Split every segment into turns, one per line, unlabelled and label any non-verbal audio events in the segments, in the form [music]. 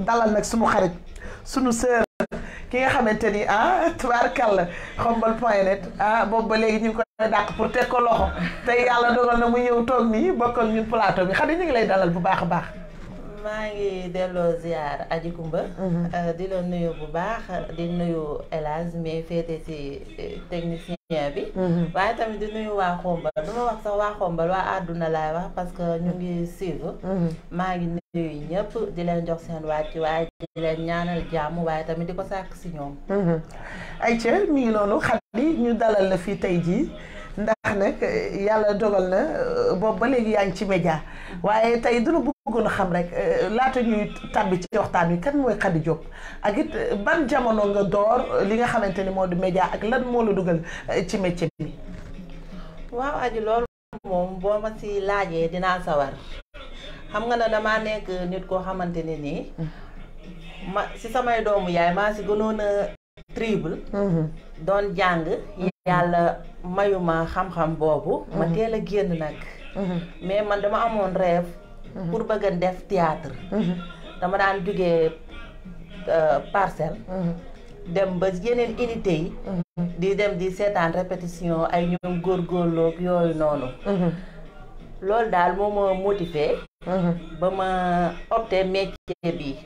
dalal nak sunu xarit sunu sœur ki nga xamanteni ah tbarakal xombal point net ah bob ba legi ñu ko dakk pour tekko loxo tay yàlla dogal na mu ñëw toog nii bokkal ñun plateau bi xam ñi ngi lay dalal bu baax baax.
maa ngi delloo ziar Aji Kumba mm-hmm. euh, di la nuyu bu baax di nuyu El Hadj féete ci euh, technicien bi mm-hmm. waaye tamit di nuyu waa xombal wax sax waa waa àdduna laay wax parce que ñu ngi suivre mm-hmm. maa ngi nuyu ñëpp di leen jox seen wàcc waaye di leen ñaanal jàmm waaye tamit di ko sàkk si ñoom
ay mi ngi noonu xale ñu dalal la fii tey jii ndax nag eh, yàlla dogal na eh, boobu ba léegi yaa ci média waaye tey du la bëggoon a xam rek eh, laata ñuy tab ci waxtaan wi kan mooy Khady Diop ak it ban jamono nga door li nga xamante ni moo di média ak lan moo la dugal ci métier bi.
waaw aji loolu moom boo ma si laajee dinaa sawar xam nga ne damaa nekk nit koo xamante ne nii. Mm. ma si samay doomu yaay maa si gënoon tribal mm-hmm. doon jàng yàlla mayuma xam-xam boobu mm-hmm. ma teel a génn nag mm-hmm. mais man dama amoon rêve pour bëgga a def théâtre dama daan jóge euh, parcelle dem ba yeneen unité yi di dem di seetaan répétition ay ñoom góorgóorloog yooyu noonu loolu daal moo ma motivé ba ma opté métier bi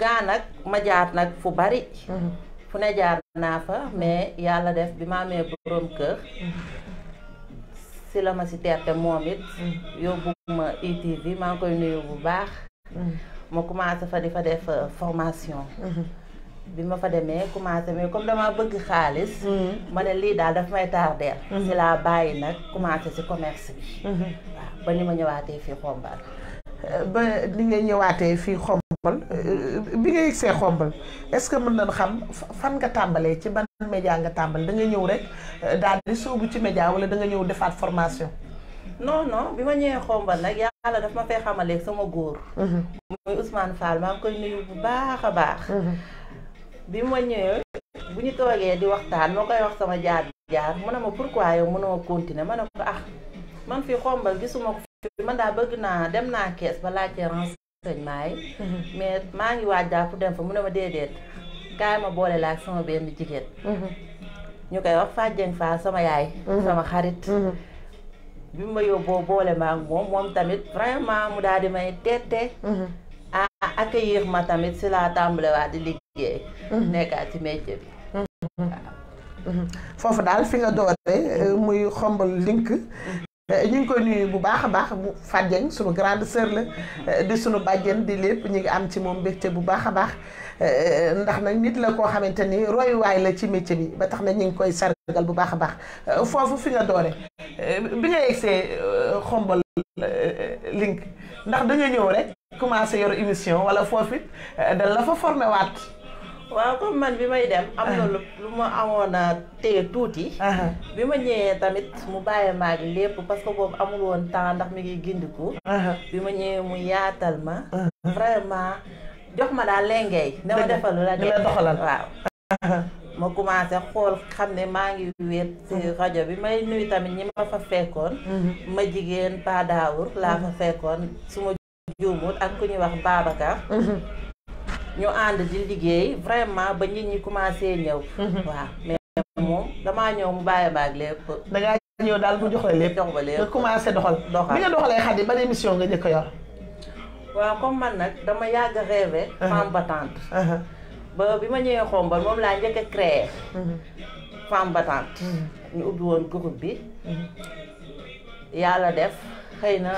gaa nag ma nag fu bari fu ne jaar naa fa mais yàlla def bi ma amee borom kër si la ma si terte moom it yóbbu ma ITV e maa ngi koy nuyu bu baax ma commencé fa di fa def euh, formation bi ma fa demee commencé mais comme dama bëgg xaalis ma ne lii daal daf may tardeel si laa bàyyi nag commencé si commerce
bi mhm. waaw ba ni ma ñëwaatee fii xombal ba ni ngay ñëwaatee fii xombal euh, bi nga yegsee xombal est-ce que mën nañ xam fan nga tàmbalee ci ban média nga tàmbal da nga ñëw rek euh, daal di soogu ci média wala da nga ñëw defaat formation. non non bi ma ñëwee xombal nag yàlla daf ma fay xamaleeg sama góor. Mhm. muy Ousmane
Fall maa koy nuyu bu baax a baax. Mhm. bi ma ñëwee bu ñu toogee di waxtaan moo koy wax sama jaar jaar mu ne ma pourquoi yow mënoo continuer ma ne ko ah man fii xombal gisuma man daa bëgg naa dem naa kees ba laajtee renseignement yi. [laughs] mais maa ngi waaj daal pour dem fa mu ne ma déedéet kaay ma boole la ak sama benn jigéen. Mhm. ñu koy wax Fatou Dieng sama yaay. Mhm. sama xarit. Mhm. bi ma yóbboo boole ma ak moom moom tamit vraiment mu daal di may teete. ah accueillir ma tamit si laa tàmbalewaat di liggéey. nekkaat ci métier
bi. foofu daal fi nga doore muy xombal link. Eh, ñu ngi koy nuyu bu baax a baax bu Fatou suñu grande sœur la eh, di suñu bàjjen di lépp ñu ngi am ci moom mbégte bu baax a baax eh, ndax nag nit la koo xamante ni royuwaay la ci métier bi ba tax na ñu ngi koy sargal bu baax a baax foofu fi nga doore bi nga yegsee xombal link ndax da nga ñëw rek commencé yor émission wala foofu it dañ la fa formé waat.
waaw comme man bi may dem am na lu ma amoon a téye tuuti bi ma ñëwee tamit mu bàyyi maag lépp parce que boobu amul woon temps ndax mi ngi gindiku bi ma ñëwee mu yaatal ma vraiment jox ma daal lengeey ne ma defal la ne doxalal waaw ma commencé xool xam ne maa ngi wéet ci rajo bi may nuyu tamit ñi ma fa fekkoon ma jigéen Pa Daawur laa fa fekkoon su ma juumut ak ku ñuy wax Babacar ñu ànd di liggéey vraiment ba nit ñi commencé ñëw. Mhm. waaw mais moom damaa ñëw mu bàyyi baag lépp. da ngaa ñëw daal mu jox la lépp jox ba lépp nga
commencé doxal. doxal bi nga doxalee xadi ban émission nga njëkk yor.
waaw comme man nag dama yàgg a rêvé. Mhm. femme battante. Mhm. ba bi ma ñëwee xombal moom laa njëkk a créé. femme battante. ñu ubbi woon groupe bi. yàlla def xëy na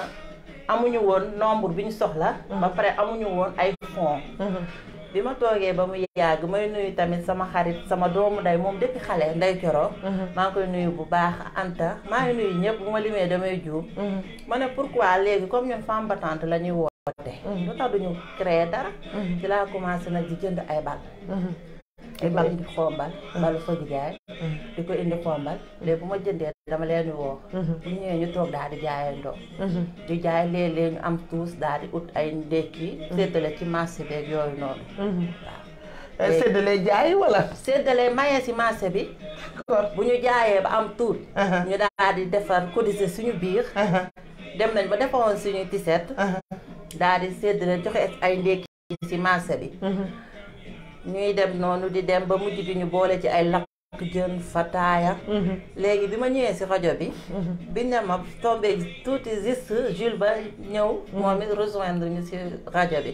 amuñu woon nombre bi ñu soxla. ba pare amuñu woon ay fond [laughs] bi ma toogee ba mu yàgg may nuyu tamit sama xarit sama doomu day moom depuis xale nday coro [laughs] maa koy nuyu bu baax Anta maa nuyu ñëpp bu ma limee damay juum [laughs] ma ne pourquoi léegi comme ñun femme battante la ñuy woote lu tax duñu créer ci laa commencé nag di jënd ay bal di ko indi xombal mbalu fëgg jaay di ko indi xombal léegi bu ma jëndee dama leen woo mhm. bu ñëwee ñu toog daal di jaayandoo mhm. di jaay léeg-léeg am tuus daal di ut ay ndékki mhm. séddale ci marché beeg yooyu noonu waaw séddale jaay si marché bi. d'accord bu ñu jaayee ba am tuut. ñu daal di defar cotiser suñu biir. dem nañ ba defaroon suñu tiset. daal di séddale joxe ay ndékki si marché bi. ñuy dem noonu di dem ba mujj bi ñu boole ci ay lakk jën fataaya mhm. léegi bi ma ñëwee si rajo bi mhm. bi ne ma tombé tuuti juste Jules ba ñëw mhm. moom it rejoindre ñu si rajo bi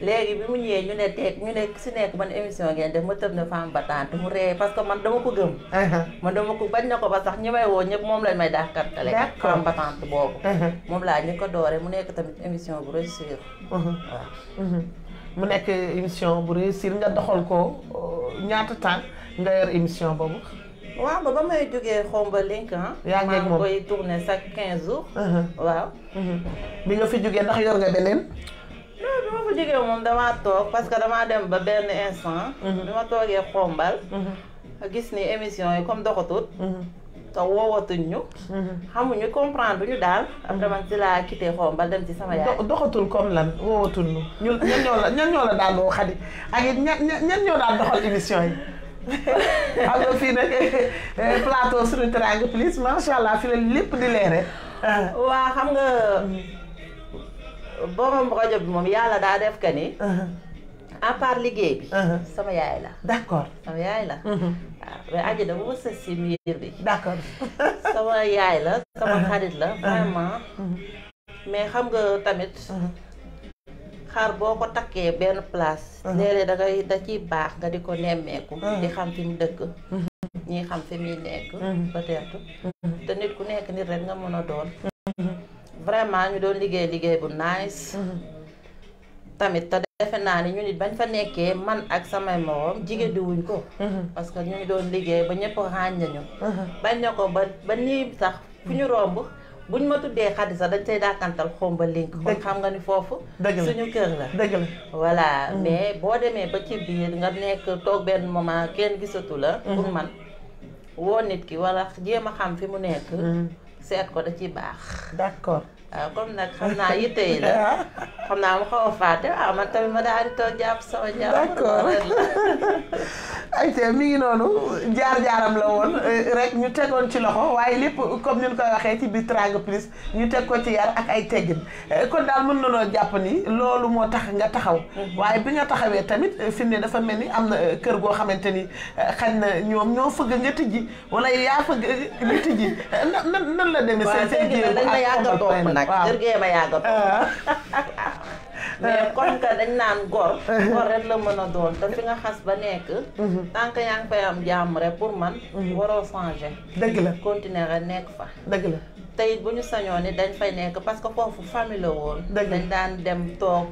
léegi bi mu ñëwee ñu ne teeg ñu ne si nekk man émission ngeen def ma tëb ne femme battante mu ree parce que man dama ko gëm uh-huh. man dama ko bañ na ko ba sax ñi may woo ñëpp moom lañ may daakantale femme battante boobu uh-huh. moom laa ñu ko doore mu nekk tamit émission bu réussir uh-huh. waaw
mu nekk émission bu réussir nga doxal ko uh, ñaata temps nga yor émission boobu
waaw ba ba may jógee xomba link ah.
yaa ngi moom maa koy tourné chaque quinze jours. waaw. bi nga fi jógee ndax yor nga beneen.
non bi ma fa jógee moom damaa toog parce que damaa dem ba benn instant. Mhm. bi ma toogee xombal. Mhm. gis ni émission yi comme doxatut. Mhm. te woowatuñ ñu. xamuñu comprendre ñu daal. am dama si laa quitté xombal dem ci sama yaay.
doxatul comme lan woowatul ñu ñun ñan ñoo la ñan ñoo la daal woo xadi ak it ñan ñan daal doxal émission yi. xam [laughs] nga fii nag eh, plateau suñu Teranga Plus macha allah fi la lépp di leere.
waa xam nga. borom rajo bi moom yàlla daa def que ni. Uh-huh. à liggéey bi. Uh-huh. sama yaay la. d' accord sama yaay la. Uh-huh. bi. d' [laughs] sama yaay la. sama xarit la vraiment. mais xam nga tamit. xar boo ko takkee benn place. léeg-léeg da baax nga di ko nemmeeku. di xam fi mu dëkk. ñi xam fi muy nekk. peut te nit ku nekk nit rek nga mën a doon. vraiment ñu doon liggéey liggéey bu nice mm-hmm. tamit te defe naa ni ñu nit bañ fa nekkee man ak samay moroom jigéen di ko mm-hmm. parce que ñu ngi doon liggéey ba ñëpp xaañ nañu mm-hmm. bañ na ko ba ba nii sax fu ñu romb buñ ma tuddee xaddi sax dañ say dàkkantal xomba link kon xam nga ni foofu suñu kër la dëgg la voilà mais boo demee ba ci biir nga nekk toog benn moment kenn gisatu la pour man woo nit ki wala jéem a xam fi mu nekk seet ko da ciy baax. d'accord waaw comme nag xam naa yitte yi la xam naa mu xaw a fàtte waaw man tamit ma daal di toog jàpp sama jàpp. d'accord
ayca mi ngi noonu jaar-jaaram la woon rek ñu tegoon ci loxo waaye lépp comme ni ñu koy waxee ci biir Teranga Plus ñu teg ko ci yar ak ay teggin kon daal mën na noo jàpp ni loolu moo tax nga taxaw. waaye bi nga taxawee tamit fi ne dafa mel ni am na kër goo xamante ni xañ na ñoom ñoo fëgg nga tijji wala yaa fëgg nga tijji nan nan la demee. seen nag. waaw kër gee ma yàgg mais
kon que dañ naan gor. Ah. gor rek la mën a doon te fi nga xas ba nekk. Mhm. tant que yaa ngi fay am jàmm rek pour man. waroo mhm. changer. dëgg la continuer nekk fa. dëgg la te it bu ñu sañoo ni dañ fay nekk parce que foofu famille la woon. dañ daan dem toog.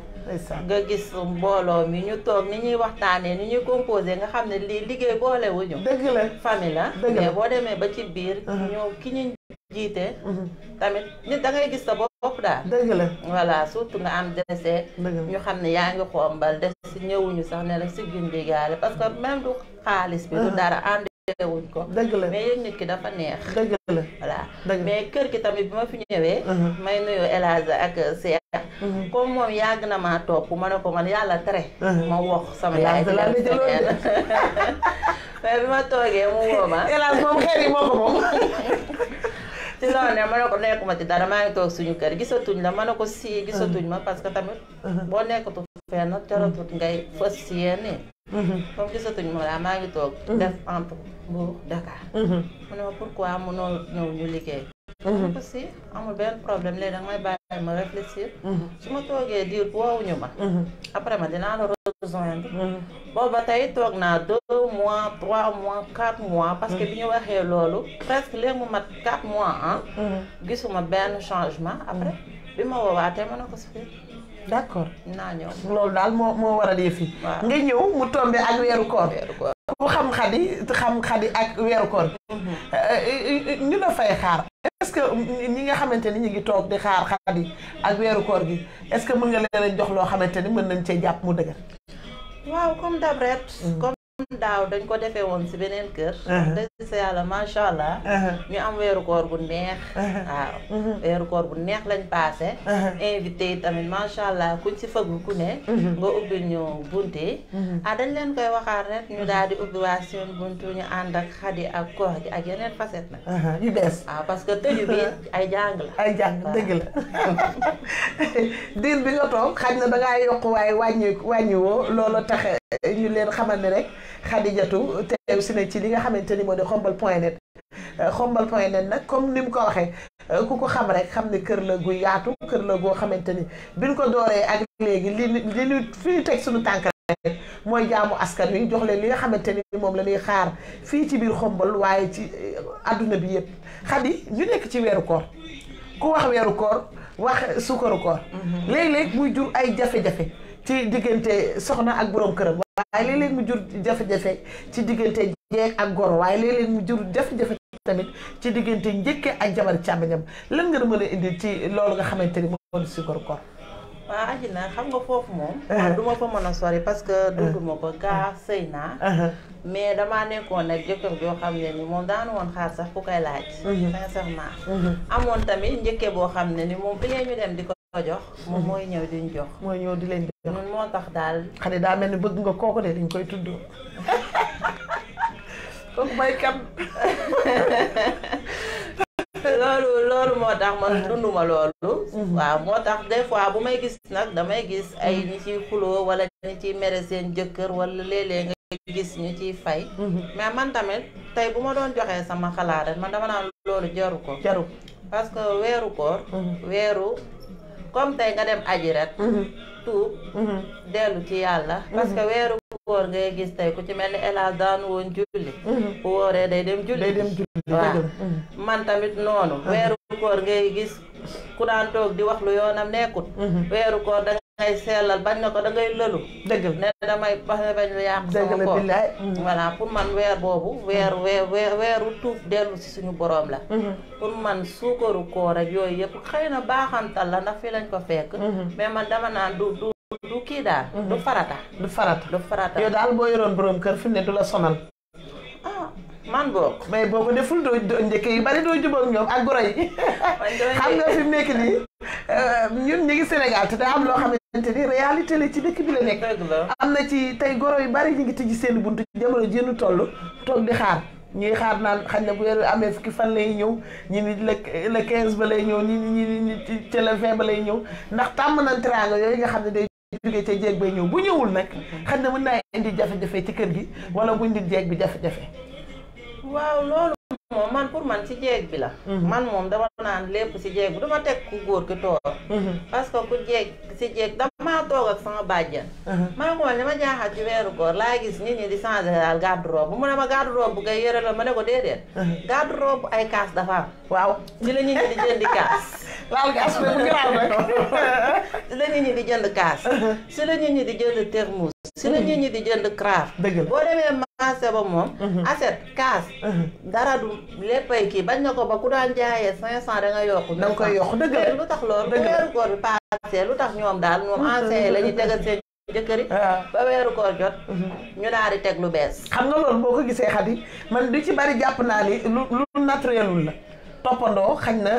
nga gis mbooloo mi ñu toog ni ñuy waxtaanee ni ñuy composé nga xam ne lii liggéey boolewuñu. dëgg la famille la. mais boo demee ba ci biir. ñoo ki ñu jiite mhm. tamit nit da gis sa bopp daal dëgg la voilà surtout nga am dese ñu xam ne yaa ngi xombal des ñëwuñu sax ne la si gindi gaale du xaalis bi du mhm. dara wuñ ko dëgg la mais yëg nit ki dafa neex dëgg mais kër gi tamit bi ma fi ñëwee uh-huh. may nuyu El Hadj ak Cheikh uh-huh. comme moom yàgg na maa topp mën a ko man yàlla tere uh-huh. ma wax sama yaay [laughs] mais bi ma toogee mu woo ma El moom xeer yi ko moom [laughs] ci loolu ne ma ko nekkuma ci dara maa ngi toog suñu kër gisatuñ la ma ne ko sii gisatuñ ma parce que tamit boo nekkatu fenn teratut ngay fës si yenni comme gisatuñ ma daal maa ngi toog def entre bu Dakar mu ne ma pourquoi mënoo ñëw ñu liggéey problème léegi danga ma su ma toogee diir woowuñu ma après ma dinaa la rejoindre booba tey toog naa deux mois trois mois quatre mois mm-hmm. parce que bi ñu waxee loolu presque léegi mu mat quatre mois en gisuma benn changement après bi ma woowaatee ma ne ko si fii d'accord naa
loolu daal moo moo waral yëf yi nga ñëw mu tombe ak weeru koor ku xam xadi xam xadi ak weeru koor mm-hmm. ñu la fay xaar est-ce que ñi nga xamante ni ñu ngi toog di xaar xadi ak weeru koor gi est-ce que mën nga leen jox loo xamante ni mën nañ cee jàpp mu dëgër
waaw comme d'habitude mm. daaw dañ ko defee woon si beneen kër dëgg sa yàlla macha allah ñu am weeru koor bu neex waaw mhm. weeru koor bu neex lañ passé invité yi tamit macha allah kuñ ci fëgg ku ne mhm. nga ubbil ñu bunte yi mhm. ah dañ leen koy waxaat rek ñu daal di ubbi waa seen buntu ñu ànd ak xadi ak koor gi ak yeneen facette nag yu bees waaw ah, parce que bi ay jàng la
ay jàng dëgg la [laughs] diir bi nga toog xaj na yokk waaye wàññi wàññi woo loolu eh, ñu leen xamal rek Xadijatu teew si ne ci li nga xamante ni moo di xombal point net xombal point net nag comme ni mu ko waxee ku ko xam rek xam ne kër la gu yaatu kër la goo xamante ni biñ ko dooree ak léegi li li fi ñu suñu tànk rek jaamu askan wi jox leen li nga xamanteni mom moom la ñuy xaar fii ci biir xombal waaye ci aduna bi yëpp Xadi ñu nekk ci weeru koor ku wax weeru koor wax sukaru koor léeg-léeg muy jur ay jafe-jafe ci diggante soxna ak borom këram waaye léeg-léeg mu jur jafe-jafe ci diggante jeeg ak goro waaye léeg-léeg mu jur jafe-jafe tamit ci diggante njëkke ak jabar càmmiñam lan nga mën a indi ci loolu nga xamante ni moo di sukkur koor
waaw ajina xam nga foofu moom
du ma mën a sori parce que dundu ma ko gaa
sëy naa mais damaa nekkoon ak jëkkër joo xam ne ni xaar sax ku koy laaj sincèrement amoon tamit njëkke boo xam ne ni moom bi ñu dem di ko ko jox moom hmm. mooy ñëw di ñu jox mooy ñëw di leen di jox moo
tax daal xale daa mel ni bëgg nga kooku de dañ koy tudd [laughs] kooku may kan [laughs] loolu loolu moo tax man
ah. dunduma loolu hmm. waaw moo tax des fois bu may gis nag damay gis ay ñi hmm. ciy xuloo wala ñi ciy mere seen wala léeg-léeg nga gis ñu ciy fay mais man tamit tey bu ma doon joxee sama xalaat man dama naan loolu jaru ko jaru parce que weeru koor weeru comme tey nga dem aji ret mhm. tuub mhm. dellu ci yàlla mhm. parce que weeru woor ngay gis tey ku ci mel ni hélas daan woon julli bu wooree day dem julli day dem
julli waaw
man tamit noonu weeru koor ngay gis ku daan toog di wax lu yoonam nekkut weeru koor da ngay seelal bañ na ko da ngay lëlu. dëgg la ne damay pare bañ a yàq. dëgg la billaay mm. voilà pour man weer boobu. weer mm. weer weeru tuuf dellu si suñu boroom la. Mm-hmm. pour man suukaru koor ak yooyu yëpp xëy na baaxantal la ndax fi lañ ko fekk. Mm-hmm. mais man dama naan du du kii daal. Mm-hmm.
du farata. du farata du farata. yow daal boo yoroon boroom kër fi ne du la sonal. man boobu mais boo ko deful doo njëkk yu bari doo jubóog ñoom ak goro yi xam nga fi mu nekk nii euh, ñun ñu ngi Sénégal te daa am loo xamante ni réalité la ci dëkk bi la nekk am na ci tey goro yu bari ñu ngi tijji seen buntu jamono jéenu toll toog di xaar ñuy xaar naan xañ na bu weer amee fukki fan lay ñëw ñi ni le le quinze ba lay ñëw ñi ñi ñi ci le vingt ba ñëw ndax tàmm nañ teraanga yooyu nga xam ne day jógee ca jeeg bay ñëw bu ñëwul nag mm-hmm. xañ na mën naa indi jafe-jafe ci kër gi wala bu indi jeeg bi jafe-jafe
waaw loolu moom man pour man ci jeeg bi la mhm. man moom dama naan lépp si jeeg bi dama teg ku góor ki toor mhm. parce que ku jeeg ci jeeg damaa toog ak sama bàjjan mhm. maa ko man li ma jaaxal ci weeru koor laa gis nit ñi di changé daal garde robe mu ko déedéet ay kaas dafa waaw ci la nit ñi di jënd kaas ci [laughs] [laughs] la nit ñi di jënd termus si la nit ñi di jënd craft boo demee marché ba moom aset kaas dara du léppay kii bañ na ko ba ku daan jaayee cinq cent da nga yokk da nga koy yokk dëgg la lu tax loolu weeru koor bi passé lu tax ñoom daal moom enseigne la ñuy tegal seen
jëkkëri ah. ba weeru koor jot ñu daal di teg lu bees xam nga loolu boo ko gisee xat yi man du ci bari jàpp naa ni lu lu naturelul la toppandoo xañ na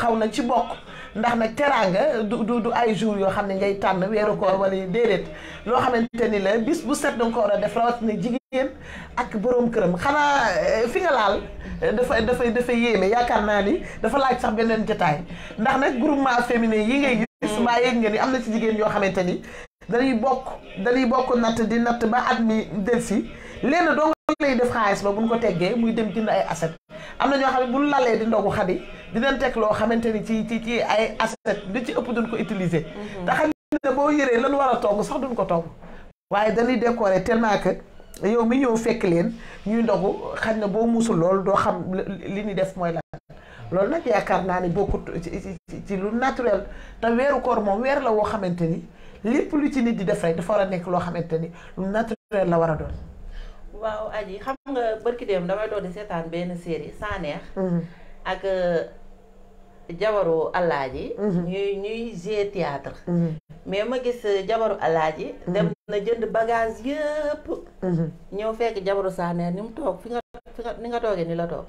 xaw na ci bokk ndax nag teraanga du du du ay jours yoo xam ne ngay tànn weeru koor wala déedéet loo xamante ni la bis bu set danga ko war a def rawatina jigéen ak boroom këram xanaa eh, fi nga laal eh, dafay dafay dafay yéeme yaakaar naa ni dafa laaj sax beneen jotaay ndax nag groupement féminin yi ngay gis mm. mbaa yéeg nga ni am na ci jigéen yoo xamante ni dañuy bokk dañuy bokk natt di natt ba at mi delsi lenn dong lay def xaalis ba buñ ko teggee muy dem jënd ay asset am na ñoo xam ne buñ lalee di ndogu xadi dinañ teg loo xamante ni ci ci ci ay asset li ci ëpp duñ ko utiliser mhm. te xam ne boo yëree lan war a togg sax duñ ko togg waaye dañuy décorer tellement que yow mi ñëw fekk leen ñuy ndogu xañ na boo muusul lool doo xam li ñuy def mooy la loolu nag yaakaar naa ni bokkut ci ci lu naturel te weeru koor moom weer la woo xamante ni lépp lu ci nit di def rek dafa war a nekk loo xamante ni lu naturel la war a doon
waaw yi xam nga barki dem damay doon di seetaan benn série Saneex mhm. ak euh, jabaru alaaji mhm. ñuy ñuy jouer théâtre mhm. mais ma gis euh, jabaru alaaji dem na jënd bagage yëpp ñëw fekk jabaru Saneex ni mu toog fi nga fi nga ni nga tooge ni la toog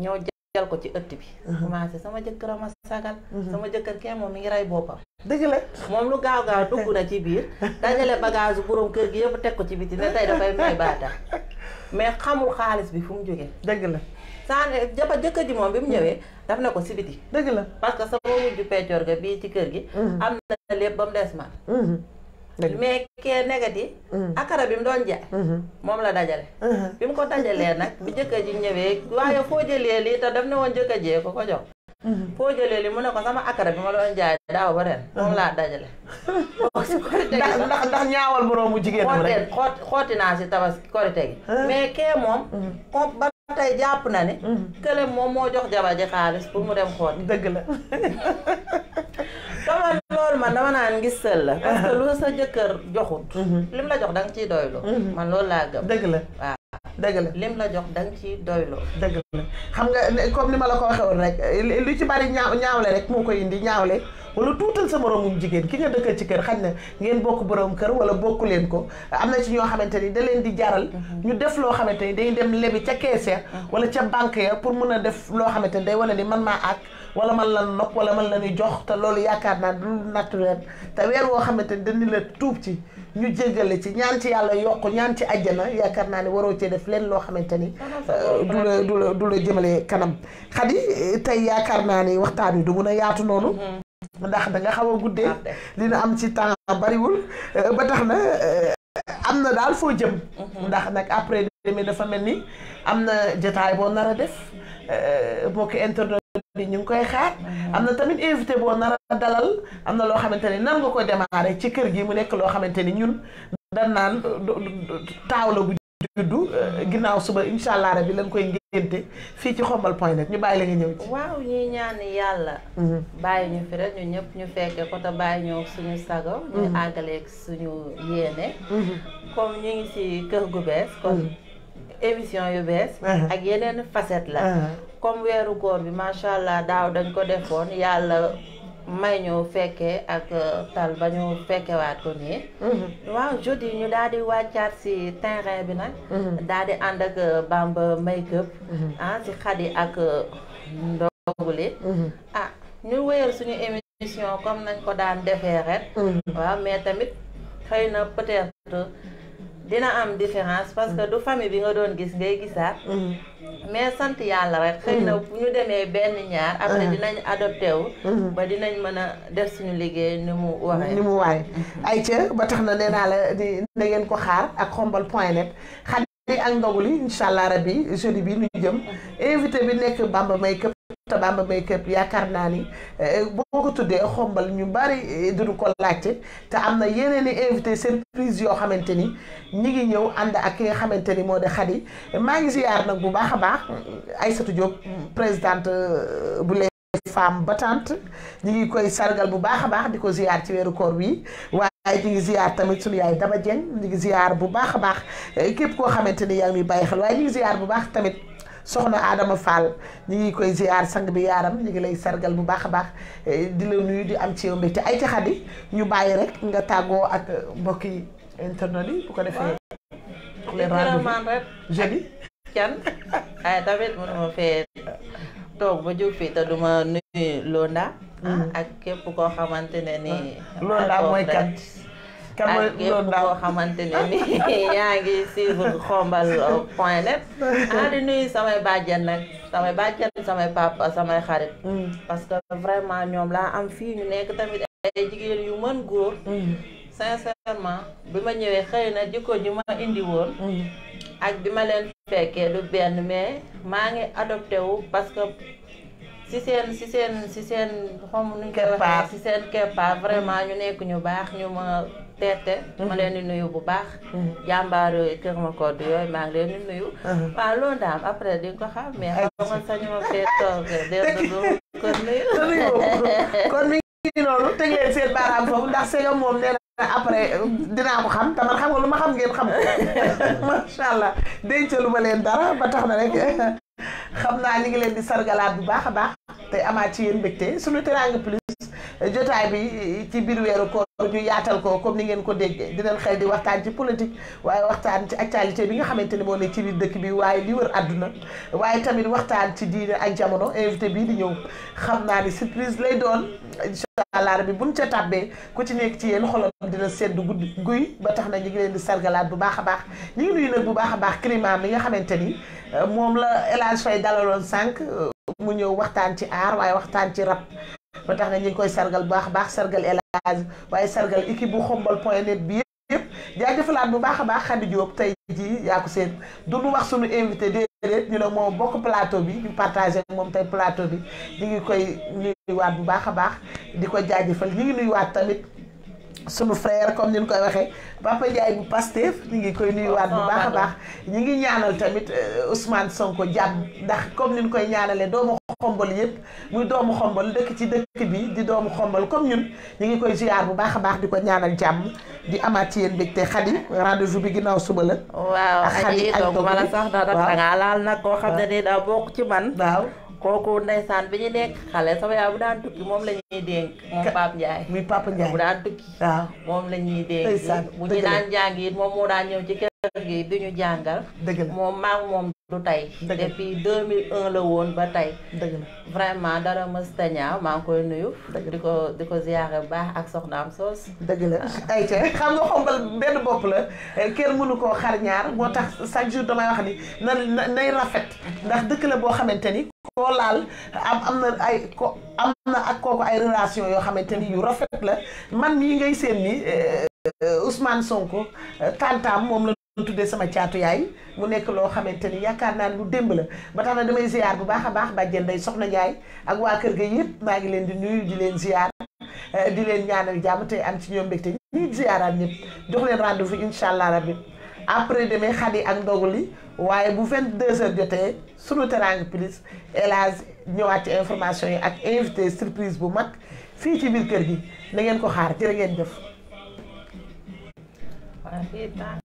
ñëw jal ko ci ëtt bi uh-huh. commencé sama jëkkër a ma sagal uh-huh. sama jëkkër kee moom mi ngi rey boppam dëgg la moom lu gaaw gaaw dugg na ci biir [laughs] dajale bagage borom kër gi yëpp teg ko ci biti ne tey dafay may baata mais xamul xaalis bi fu mu jógee dëgg la saane jaba jëkkër ji moom bi mu ñëwee uh-huh. daf na ko si biti dëgg la parce que sama wujju peccoor ga bii ci kër gi am na lépp ba mu des man mais kee negati mm. akara bi mu doon jaay mm-hmm. moom la dajale mm-hmm. bi mu ko dajalee nag bi jëkkër ji ñëwee waaye foo jëlee lii te daf ne woon jëkkër jee ko ko jox mm-hmm. foo jëlee lii mu ne ko sama akara bi ma doon jaay daaw ba ren moom laa dajale [laughs] ndax ndax ñaawal moroomu jigéen rek xooti naa si tabaski korite gi mais kee moom tey jàpp na ne. Mm-hmm. kële moom moo jox jabar ji xaalis pour mu dem xool. dëgg la. dama loolu man dama naan ngis sël la. parce que lu sa jëkkër joxut. Mm-hmm. lim la jox da ciy doylu. Mm-hmm. man loolu laa gëm. dëgg la waaw. dëgg la lim la jox
da nga ciy doylu. dëgg la xam nga comme ni ma la ko waxee woon rek lu ci bari ñaaw ñaawle rek moo ko indi ñaawle. wala tutal sa moroomum jigen ki nga dëkkal ci kër xagn na ngeen bokk borom kër wala bokku len ko amna ci ño xamanteni da len di jaral ñu def lo xamanteni day dem lebi ca caisse wala ca banque ya pour mëna def lo xamanteni day wala ni man ma ak wala man la nok wala man la ni jox te lolu yaakaar na du naturel te weer woo xamante ni la tuup ci ñu jéggale ci ñaan ci yàlla yokk ñaan ci àjjana yaakaar naa ni waroo cee def leen loo xamante ni du la du la du la jëmale kanam xadi tey yaakaar naa ni waxtaan wi du mun a yaatu noonu ndax da nga xaw a guddee ah, li na am ci temps bariwul euh, ba tax na euh, am na daal foo jëm mhm. ndax nag après demee dafa mel ni am na jataay boo nar a def euh, mbokki internet bi ñu ngi koy xaar mhm. am na tamit invité boo nar dalal am na loo xamante ni nan nga koy démarrer ci kër gi mu nekk loo xamante ni ñun dan naan taaw la bu juddu euh, ginnaaw suba incha allah rabi lañ koy ngénte fii ci xombal point net ñu bàyyi la nga ñëw ci.
waaw ñuy ñaan yàlla. Mhm. bàyyi ñu fi ñu ñëpp ñu fekke ko te bàyyi ñoo suñu sago. ñu mhm. àggaleeg suñu yéene. Mhm. comme ñu ngi ci kër gu bees. kon émission yu bees. ak yeneen facette la. comme weeru koor bi macha allah daaw dañ ko defoon yàlla. may ñoo fekkee ak euh, tal ba ñu fekkewaat ko nii mm-hmm. waaw jeudi ñu daal di wàccaat si terrain bi nag mm-hmm. daal di ànd ak euh, Bamba make-up mm-hmm. ah si Khady ak euh, ndoguli ah ñu wéyal suñu émission comme nañ ko daan defee ren waaw mais tamit xëy na peut dina am différence parce que mm. du famille bi nga doon gis ngay gisaat mm. mais sant yàlla rek xëy na mm. bu ñu demee benn ñaar après dinañ adopté wu
ba dinañ mën a def suñu liggéey ni mu waree ni mu waree mm-hmm. ay ca ba tax na nee naa la di na ngeen ko xaar ak xombal point net xadi ak ndogu li incha allah rabi bi ñu jëm mm-hmm. invité bi nekk Bamba Make te Bamba Makeup yaakaar naa ni eh, boo ko tuddee xombal ñu bari eh, duñu ko laajte te am na yeneen i invité surprise yoo xamante ni ñi ngi ñëw ànd ak ki nga xamante ni moo de Khady maa ngi ziar nag bu baax a baax Aïssatou Diop présidente eh, bu les ba battantes ñi ngi koy sargal bu baax a baax di ko ziar ci weeru koor wi waaye ñi ngi ziar tamit suñu yaay dama Dieng ñi ngi ziar bu baax a baax képp koo xamante ni yaa ngi bàyyi xel waaye ñi ngi ziar bu baax tamit soxna aadama Fall ñu ngi koy ziar sang bi yaaram ñu ngi lay sargal bu baax a baax eh, di la di am ci yow mbégte ay taxat yi ñu bàyyi rek nga tàggoo ak eh, mbokki internet yi bu ko defee.
les rendez-vous jeudi. can [laughs] waaye tamit ma fee toog ba jóg te duma nuyu Londa. Ah, mm. ak képp koo xamante ne nii. Londa mooy kat.
kan mooy loolu
ndaw xamante ne ni [laughs] yaa ngi suivre xombal euh, point net ah di samay bàjjan nag samay bàjjen samay papa samay xarit mm. parce que vraiment ñoom laa am fii ñu nekk tamit ay jigéen yu mën góor mm. sincèrement bi ma ñëwee xëy na jikko ji ma indi woon mm. ak bi ma leen fekkee du benn mais maa ngi adopté wu parce que si seen si seen si seen xom nuñ koy waxee si seen keppaar vraiment ñu nekk ñu baax ñu ma teete mhm. ma leen di nuyu bu baax mhm. jàmbaaru Kër Makodu yooyu maa ngi leen di nuyu mhm. waaw loolu daam après di ko xam mais xam nga sañuma fee toog déglu ko nuyu kon
xam taman lu ma xam ngeen xam [laughs] macha allah ma leen dara ba tax na rek [laughs] xam naa ñu ngi leen di sargalaat bu baax a baax te amaat ci yéen mbégte suñu teraanga plus jotaay bi ci biir weeru koor ñu yaatal ko comme ni ngeen ko déggee dinañ xel di waxtaan ci politique waaye waxtaan ci actualité bi nga xamante ni moo nekk ci biir dëkk bi waaye li wër waaye tamit waxtaan ci diine ak jamono invité bii di ñëw xam naa ni surprise lay doon àllar bi buñ ca tàbbee ku ci nekk ci yéen xolam dina sedd guddi guy ba tax nañ ñu ngi leen di sargalaat bu baax a baax ñu ngi nuyu nag bu baax a baax climat mi nga xamante ni moom la El Hadj Faye dalaloon sànq mu ñëw waxtaan ci aar waaye waxtaan ci rab ba tax nañ ñu ngi koy sargal baax baax sargal El Hadj waaye sargal équipe bu xombal point net bi yëpp jaajëfalaat bu baax a baax Khady Diop tey jii yaa seen seen duñu wax suñu invité déedéet ñu ne moom bokk plateau bi ñu partagé moom tey plateau bi ñu ngi koy nuyuwaat bu baax a baax di ko jaajëfal ñu ngi nuyuwaat tamit sunu frère comme ni nu koy waxee Papa Ndiaye bu Pastef ñu ngi koy nuyuwaat bu baax a baax ñu ngi ñaanal tamit euh, Ousmane Sonko jàmm ndax comme ni ñu koy ñaanalee doomu xombal yëpp muy doomu xombal dëkk ci dëkk bi di doomu xombal comme ñun ñu ngi koy ziar bu baax a baax di ko ñaanal jàmm di amaat ci te mbégte xadi rendez-vous bi ginnaaw suba la.
waaw ak xadi ak doog bi waaw sax da ngaa laal nag koo xam ne daa bokk ci man waaw. kooku ndeysaan bi ñu nekk xale sama yaay bu daan tukki moom la ñuy dénk moom Pape Ndiaye muy Pape Ndiaye bu daan tukki moom la ñuy dénk bu ñu daan jàng it moom moo daan ñëw ci kër gi di ñu jàngal dëgg la moom maag moom du tey depuis 2001 la woon ba tey dëgg vraiment dara mësta ñaaw maa ngi koy
nuyu di ko di ko ziyaare bu baax ak soxnaam soos dëgg la ay ah. ca xam nga xombal benn bopp la kenn mënu koo xar ñaar moo tax chaque jour damay wax ni nay rafet ndax dëkk la boo xamante ni koo laal am am na ay ko am na ak kooku ay relation yoo xamante ni yu rafet la man mii ngay seen ni eh, eh, Ousmane Sonko tantam eh, moom la tuddee sama caatu yaay mu nekk loo xamante ni yaakaar naa lu démb la ba tax na damay ziar bu baax a baax bàjjen day soxna Njaay ak waa kër ga yëpp maa ngi leen di nuyu di leen ziar di leen ñaanal jàmm tey am ci ñoom mbégte ñi ziaraat ñëpp jox leen rendez-vous incha allah rabbi après demee xadi ak ndogu li waaye bu 22 heures jotee sunu Teranga Plus El ñëwaat ci information yi ak invité surprise bu mag fii ci biir kër gi na ngeen ko xaar jërë ngeen def